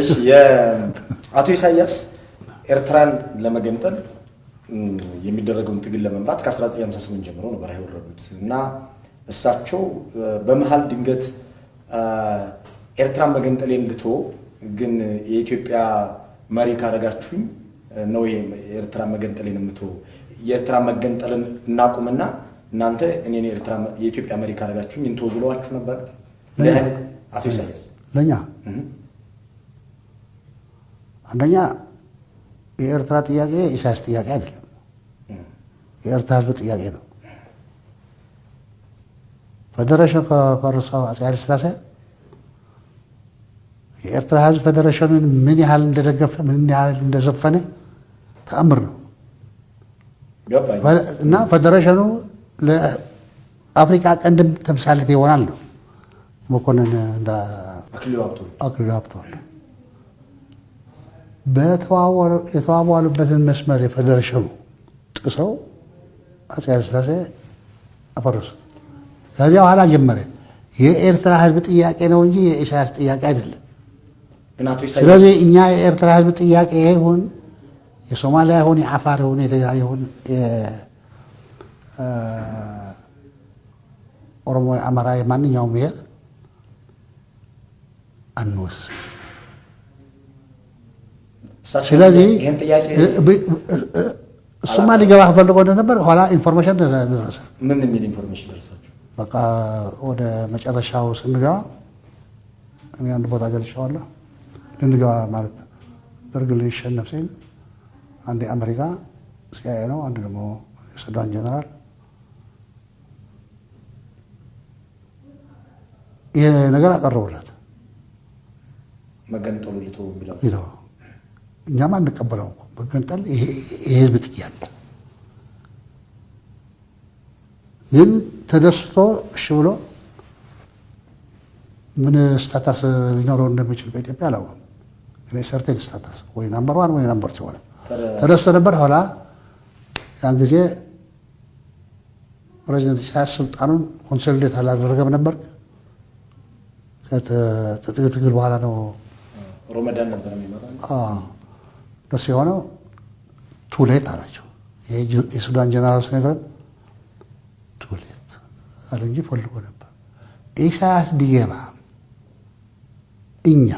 እሺ የአቶ ኢሳያስ ኤርትራን ለመገንጠል የሚደረገውን ትግል ለመምራት ከ1958 ጀምሮ ነው በረሃ የወረዱት እና እሳቸው በመሀል ድንገት ኤርትራን መገንጠሌን ልቶ ግን የኢትዮጵያ መሪ ካረጋችሁኝ ነው የኤርትራ መገንጠልን የምቶ የኤርትራ መገንጠልን እናቁምና እናንተ እኔን የኢትዮጵያ መሪ ካረጋችሁኝ እንትወ ብለዋችሁ ነበር አቶ ኢሳያስ ለእኛ አንደኛ የኤርትራ ጥያቄ የኢሳያስ ጥያቄ አይደለም። የኤርትራ ህዝብ ጥያቄ ነው። ፌዴሬሽን ከፈረሰው አፄ ኃይለ ሥላሴ የኤርትራ ህዝብ ፌዴሬሽንን ምን ያህል እንደደገፈ ምን ያህል እንደዘፈነ ተአምር ነው እና ፌዴሬሽኑ ለአፍሪካ ቀንድም ተምሳሌት ይሆናል ነው የመኮንን አክሊሉ ሀብተወልድ የተዋዋሉበትን መስመር የፌዴሬሽኑ ጥሰው አጼ ኃይለሥላሴ አፈረሱት። ከዚያ በኋላ ጀመረ። የኤርትራ ሕዝብ ጥያቄ ነው እንጂ የኢሳያስ ጥያቄ አይደለም። ስለዚህ እኛ የኤርትራ ሕዝብ ጥያቄ ይሁን የሶማሊያ ይሁን የአፋር ይሁን የትግራይ ይሁን ኦሮሞ፣ አማራ፣ የማንኛውም ብሔር አንወስን ስለዚህ እሱማ ሊገባህ ፈልጎ እንደነበር ኋላ ኢንፎርሜሽን ደረሰ። ምን የሚል ኢንፎርሜሽን ደረሳችሁ? በቃ ወደ መጨረሻው ስንገባ እኔ አንድ ቦታ ገልጫዋለሁ። ልንገባ ማለት ደርግ ሊሸነፍ ሲል አንድ የአሜሪካ ሲአይኤ ነው፣ አንድ ደግሞ የሱዳን ጀነራል ይህ ነገር አቀረቡለት መገንጠሉ እኛም አንቀበለው እኮ መገንጠል የህዝብ ጥያቄ ግን ተደስቶ እሺ ብሎ ምን ስታታስ ሊኖረው እንደሚችል በኢትዮጵያ አላውቅም። እኔ ሰርቴን ስታታስ ወይ ናምበር ዋን ወይ ናምበር ሆነ ተደስቶ ነበር። ኋላ ያን ጊዜ ፕሬዚደንት ኢሳያስ ስልጣኑን ኮንሶሊዴት አላደረገም ነበር። ከትግል በኋላ ነው ሮመዳን ነበር የሚመጣ እሱ የሆነው ቱሌት አላቸው። የሱዳን ጀነራል ሴኔተር ቱሌት አለ እንጂ ፈልጎ ነበር። ኢሳያስ ቢገባ እኛ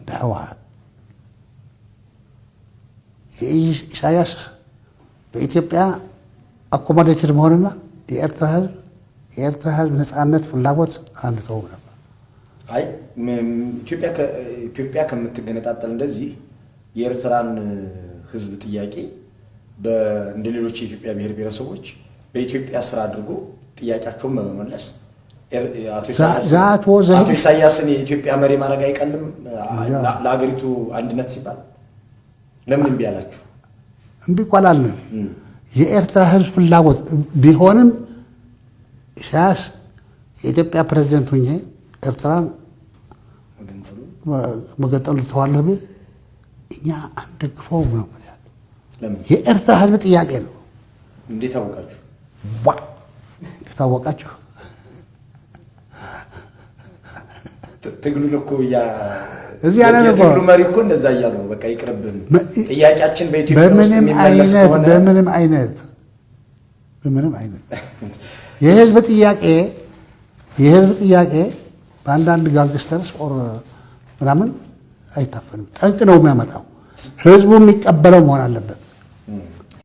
እንደ ህወሓት ኢሳያስ በኢትዮጵያ አኮሞዴትድ መሆንና የኤርትራ ህዝብ የኤርትራ ህዝብ ነፃነት ፍላጎት አንተውም ነበር። አይ ኢትዮጵያ ከምትገነጣጠል እንደዚህ የኤርትራን ህዝብ ጥያቄ እንደ ሌሎች የኢትዮጵያ ብሔር ብሔረሰቦች በኢትዮጵያ ስራ አድርጎ ጥያቄያቸውን በመመለስ አቶ ኢሳያስን የኢትዮጵያ መሪ ማድረግ አይቀልም። ለሀገሪቱ አንድነት ሲባል ለምን እምቢ አላችሁ? እምቢ ቆላልን የኤርትራ ህዝብ ፍላጎት ቢሆንም ኢሳያስ የኢትዮጵያ ፕሬዚደንት ሁኜ ኤርትራን መገጠሉ ትተዋለህ ብል እኛ አንደግፈውም ነው የኤርትራ ህዝብ ጥያቄ ነው። እንዴት ታወቃችሁ? ታወቃችሁ ትግሉን እኮ እዚህ ያለ መሪ እኮ እንደዛ እያሉ ነው። በቃ ይቅርብን፣ ጥያቄያችን በኢትዮጵያ በምንም አይነት በምንም አይነት የህዝብ ጥያቄ የህዝብ ጥያቄ በአንዳንድ ጋንግስተርስ ኦር ምናምን አይታፈንም። ጠንቅ ነው የሚያመጣው። ህዝቡ የሚቀበለው መሆን አለበት።